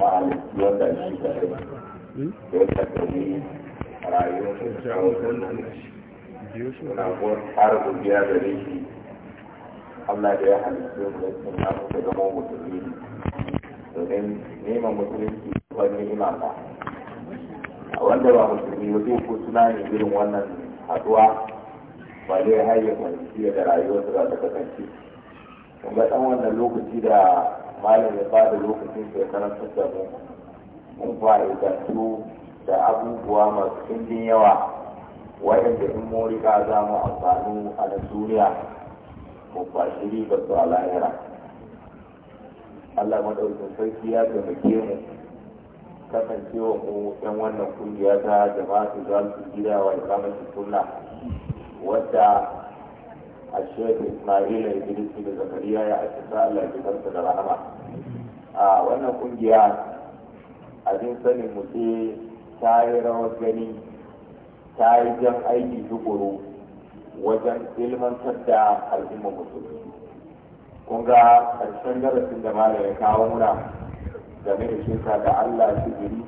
malam wata shi da wata domin da raguwar har da da ya halittu da sun namu domin neman musulunci ba ni'ima a wanda ba musulmi wajen ko suna ne irin wannan haduwa ba dai har ya kwanci da rayuwar da za ta kasance kuma ɗan wannan lokaci da malam ya bada lokacin da ya karanta da mu mun fa'idantu da abubuwa masu ɗimbin yawa waɗanda in mun ka za mu amfanu a na duniya mu kwashi riba su a lahira Allah madaukakin sarki ya taimake mu kasancewa mu ɗan wannan kungiya ta jama'atu za su gida wa ikamatu sunna wadda a Ismail Idris da Zakariya ya aikata Allah ya fitar da rahama a wannan kungiya abin sanin mu ta yi rawar gani ta yi jan aiki tukuru wajen ilmantar da al'ummar musulmi kun ga ƙarshen darasin da malam ya kawo muna game da shirka da allah shigiri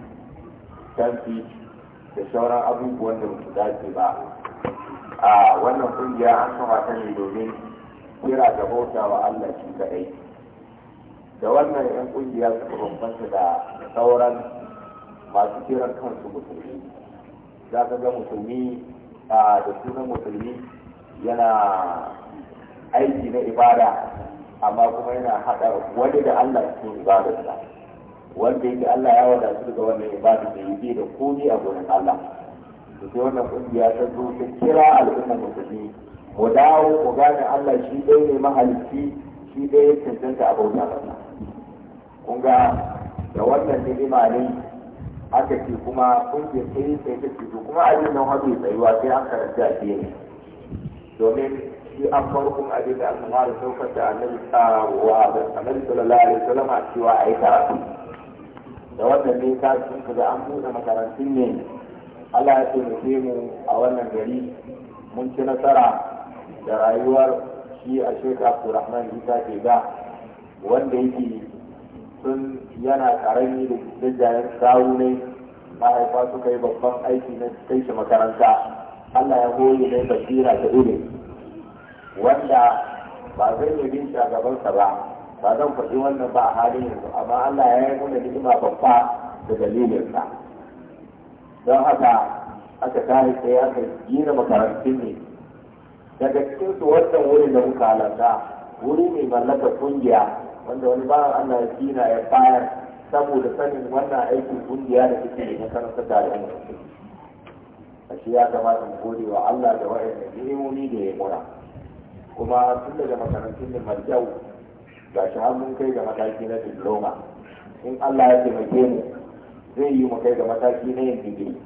tanfi da sauran abubuwan da su dace ba a wannan kungiya an kama ta ne domin kira ga bauta wa allah shi kaɗai da wannan yan kungiya suka bambanta da sauran masu kiran kansu musulmi za ka ga musulmi da sunan musulmi yana aiki na ibada amma kuma yana haɗa wani da Allah cikin da wanda yake Allah ya su daga wannan ibada da yi da komi a gurin Allah sai wannan kungiya ta zo ta kira al'ummar musulmi mu dawo mu gane Allah shi ɗaya ne mahalicci shi ɗaya ya cancanta a bauta Kunga, ga da wannan ni'ima ne aka ce kuma kun ke sai ta ce kuma abin nan hadu tsayuwa sai an karanta a ne domin shi an farkon abin da aka fara saukar da annabi tsawa da annabi sallallahu alaihi wasallam a cewa a yi karatu da wannan ne ta sun kaga an buɗe makarantun ne Allah ya taimake mu a wannan gari mun ci nasara da rayuwar shi a shekaru Abdulrahman Isa ke da wanda yake Sun yana karami da jajayen sawu ne mahaifa suka yi babban aiki na kai shi makaranta Allah ya goyi mai basira da ilimi wanda ba zai yi bin shagabansa ba ba zan faɗi wannan ba a halin yanzu amma Allah ya yi mana ni'ima babba da dalilinsa don haka aka tare sai aka gina makarantun ne daga cikinsu wannan wurin da muka halarta wuri mai mallakar kungiya wanda wani ba Allah ya kina ya bayar saboda sanin wannan aikin kungiya da suke da na da al'umma shi ya kamata mu gode wa Allah da wa'annan ni'imomi da ya mura kuma tun daga makarantun da marjau ga shi har mun kai ga mataki na diploma in Allah ya taimake mu zai yi mu kai ga mataki na yin digiri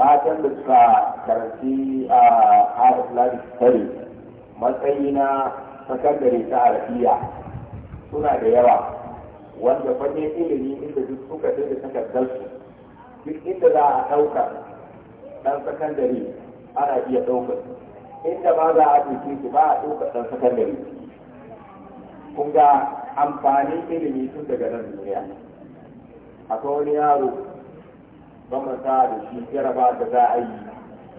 matan da suka karanci a ah, Islamic studies matsayi na sakandare ta rafiya suna da yawa wanda fannin ilimi inda duk suka sai da suka su duk inda za a ɗauka ɗan sakandare ana iya ɗaukar inda ma za a ɗauke su ba a ɗaukar ɗan sakandare kun ga amfanin ilimi tun daga nan duniya a wani yaro ba mu sa da shi jaraba da za a yi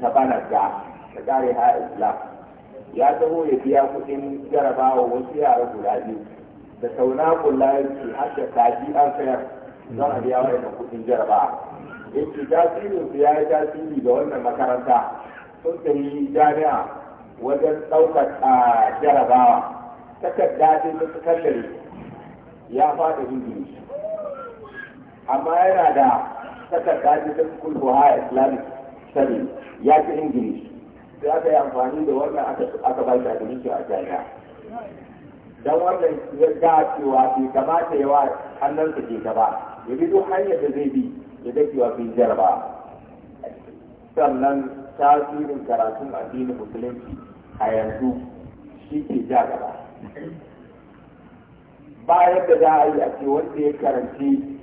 ta bana da ta kare ha islam ya taho ya biya kuɗin jarabawa wasu yara guda biyu da sauna kula ya ce har da kaji an sayar don a biya wa kuɗin jarabawa ya ce tasirin su ya yi tasiri da wannan makaranta sun sayi jami'a wajen ɗaukar jarabawa takarda ce ta sakandare ya fada ingilishi amma yana da takarda ce ta school for higher islamic studies ya ci ingilishi Za ka yi amfani da wannan aka ba shi admission a jami'a dan wannan ya ga cewa bai kamata yawa hannunsa ke gaba ya bi duk hanyar da zai bi ya ga cewa bai jarba sannan tasirin karatun addinin musulunci a yanzu shi ke ja gaba bayan da za a yi a ce wanda ya karanci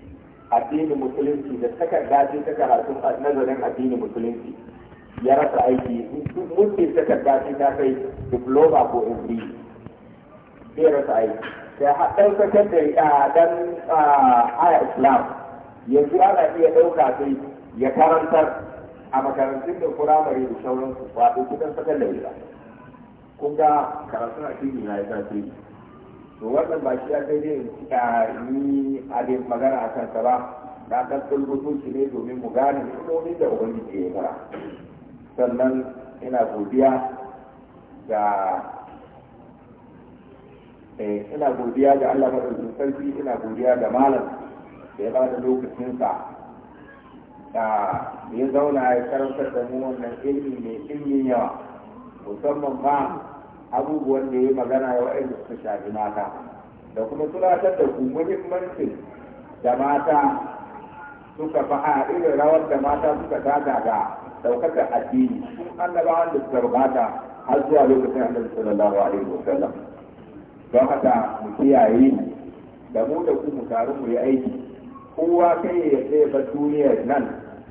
addinin musulunci da takarda ce ta karatun nazarin addinin musulunci ya rasa aiki mulkin takarda sai ta kai diploma ko umri ya rasa aiki sai haɗar sakandare a dan aya islam yanzu ana iya ɗauka sai ya karantar a makarantun da firamare da sauransu ba ɗauki dan sakandare da kun ga karatun cikin na ya tasiri to wannan ba shi ya kai dai yi a magana a kansa ba na ɗan ɗulgutu shi ne domin mu gane ilmomin da ubangiji ya yi fara sannan ina godiya ga eh, ina godiya ga Allah madaukakin sarki ina godiya ga malam da ya bada sa da ya zauna ya karantar da mu wannan ilmi mai ilmin yawa musamman ba abubuwan da ya magana ya wa'in suka shafi mata da kuma tunatar da ku muhimmancin da mata suka fa'a irin rawar da mata suka tada ga daukaka addini sun annabawan da suka rubata har zuwa lokacin annabi sallallahu alaihi sallam don haka mu kiyaye da mu da ku mu taru mu yi aiki kowa kai ya sai ba duniyar nan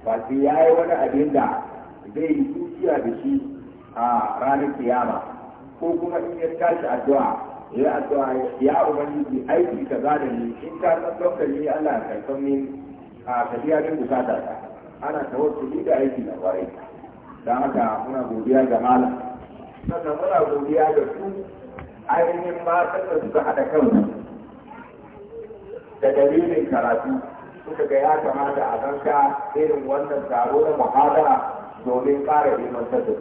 ba sai ya yi wani abin da zai yi dukiya da shi a ranar kiyama ko kuma in ya tashi addu'a ya addu'a ya ubangiji aiki kaza da ni in ka san dokar ni Allah ya karɓar ni a tafiya din bukata ta ana tawassuli da aiki na kwarai don haka muna godiya ga malam sannan muna godiya da su ainihin matan da suka haɗa kansu da dalilin karatu suka ga ya kamata a zanka irin wannan taro na muhadara domin ƙara ilmantar da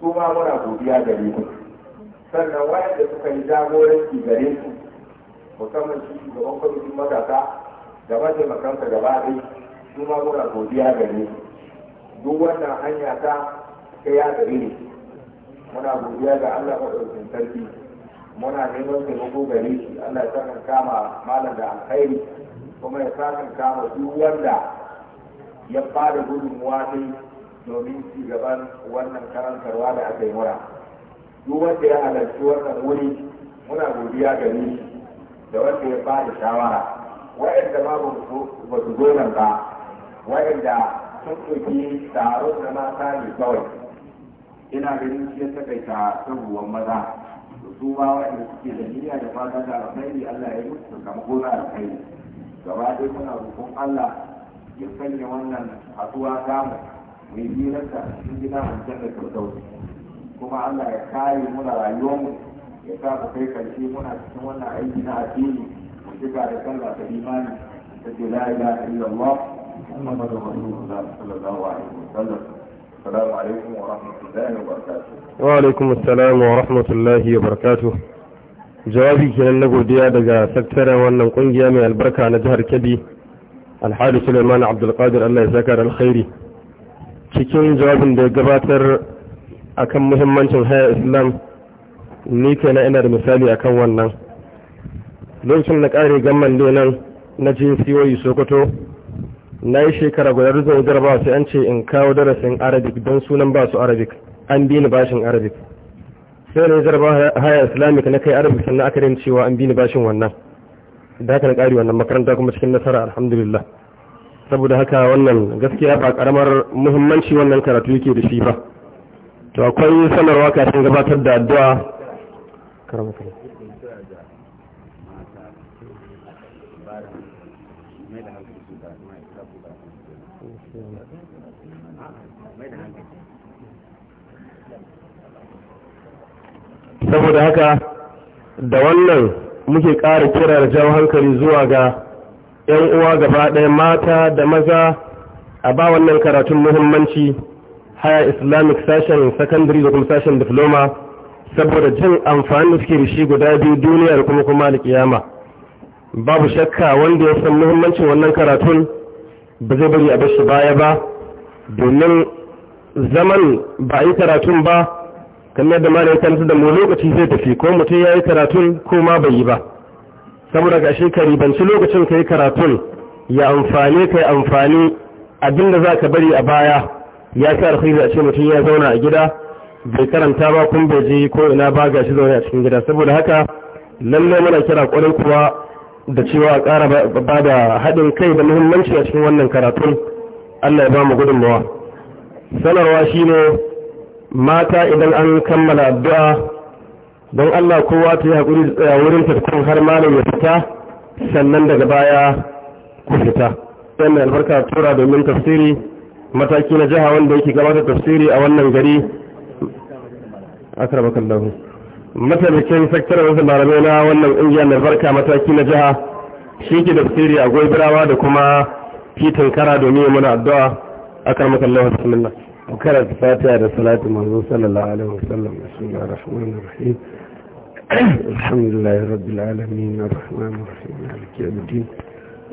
su ma muna godiya da su sannan wayanda suka yi jagoranci gare su musamman shi shugaban kwamitin matasa da mataimakansa gaba ɗaya suna muna godiya gare duk wannan hanya ta ta ya gari ne muna godiya ga Allah maɗaukin sarki muna neman taimako gare shi Allah ya sakan kama malam da alkhairi kuma ya sakan kama duk wanda ya bada gudunmuwa ne domin ci gaban wannan karantarwa da aka yi mura duk wanda ya halarci wannan wuri muna godiya gare shi da wanda ya bada shawara wa'anda ma ba su zo nan ba wa'inda sun ɗauki taron da mata ne kawai ina ganin shi ya takaita sabuwan maza su ma wa'inda suke da niyya da fata da alkhairi Allah ya yi musu kama gona alkhairi gaba dai muna roƙon Allah ya sanya wannan haɗuwa tamu mu yi hirarta a cikin gida mu canza kyautau kuma Allah ya kare muna rayuwarmu ya sa ku kai karshe muna cikin wannan aiki na addini mu shiga da sallah ta imani ta ce la ilaha illallah محمد رسول الله صلى الله عليه وسلم السلام عليكم ورحمة الله وعليكم السلام ورحمة الله وبركاته jawabi kenan na godiya daga saktaren wannan kungiya mai albarka na jihar kebbi alhadi suleiman abdulkadir allah ya zakar alkhairi cikin jawabin da ya gabatar akan muhimmancin haya islam ni kenan ina da misali akan wannan lokacin na kare gamman lenan na jin siyoyi sokoto na yi shekara guda rizon jarabawa sai an ce in kawo darasin arabic don sunan ba su arabic an bi ni bashin arabic sai na jarba haya islamic na kai arabic sannan aka rin cewa an bi ni bashin wannan da haka na ƙari wannan makaranta kuma cikin nasara alhamdulillah saboda haka wannan gaskiya ba karamar muhimmanci wannan karatu yake da shi ba to akwai sanarwa kafin gabatar da addu'a karamar saboda haka da wannan muke ƙara kira da jawo hankali zuwa ga 'yan uwa gaba ɗaya mata da maza a ba wannan karatun muhimmanci haya islamic sashen secondary da kuma sashen diploma saboda jin amfani da suke da guda biyu duniya da kuma kuma da kiyama babu shakka wanda ya san muhimmancin wannan karatun ba zai bari a bashi baya ba domin zaman ba a yi karatun ba yadda da ya karanta da mu lokaci zai tafi ko mutum ya yi karatun ko ma bai yi ba saboda ga shi banci lokacin ka yi karatun ya amfani ka yi amfani abin da za ka bari a baya ya fi alkhairi a ce mutum ya zauna a gida bai karanta ba kun bai je ko ina ba ga shi zaune a cikin gida saboda haka lallai muna kira kwarai kuwa da cewa a ƙara ba da haɗin kai da muhimmanci a cikin wannan karatun Allah ya ba mu gudunmawa sanarwa shi ne. mata idan an kammala addu'a don Allah kowa ta yi da tsaya wurin tattun har malam ya fita sannan daga baya ku fita sannan albarka tura domin tafsiri mataki na jiha wanda yake gabatar tafsiri a wannan gari akrabakan lahu mataimakin sektar wasu malamai na wannan ƙungiya na barka mataki na jiha shi ke tafsiri a goyi birawa da kuma fitin kara domin yi muna addu'a akrabakan lahu bismillah وكانت فاتحة رسالة المنظور صلى الله عليه وسلم بسم الله الرحمن الرحيم الحمد لله رب العالمين الرحمن الرحيم مالك يوم الدين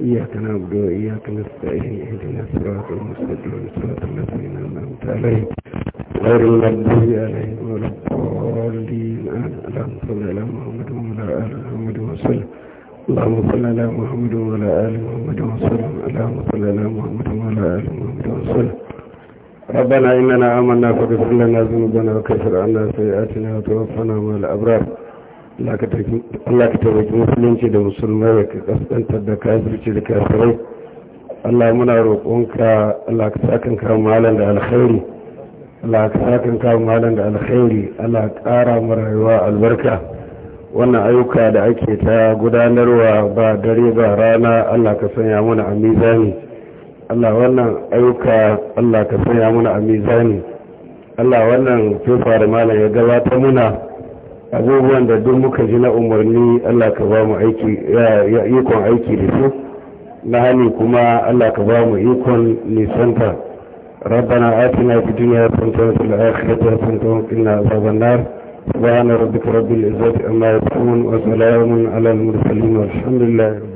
إياك نعبد وإياك نستعين اهدنا الصراط المستقيم صراط الذين أنعمت عليهم غير المغضوب عليهم ولا الضالين اللهم صل على محمد وعلى آل محمد وسلم اللهم صل على محمد وعلى آل محمد وسلم اللهم صل على محمد وعلى آل محمد وسلم ربنا bana آمنا فاغفر لنا ذنوبنا وكفر عنا a وتوفنا مع الأبرار Allah ka taimaki musulunci da musulmai da ka kaskantar da kafirci da kafirai Allah muna roƙonka Allah ka sakan kawo malam da alkhairi Allah ka sakan kawo malam da alkhairi Allah ƙara mu rayuwa albarka wannan ayyuka da ake ta gudanarwa ba dare ba rana Allah ka sanya mana a mizani Allah wannan ayyuka Allah ka sanya muna a mizani Allah wannan fefa da malam ya gabata muna abubuwan da duk muka ji na umarni Allah ka ba mu aiki ya ikon aiki da su na hani kuma Allah ka ba mu ikon nisanta ربنا آتنا في الدنيا حسنة وفي الآخرة حسنة وقنا عذاب النار سبحان ربك رب العزة عما يصفون وسلام على المرسلين والحمد لله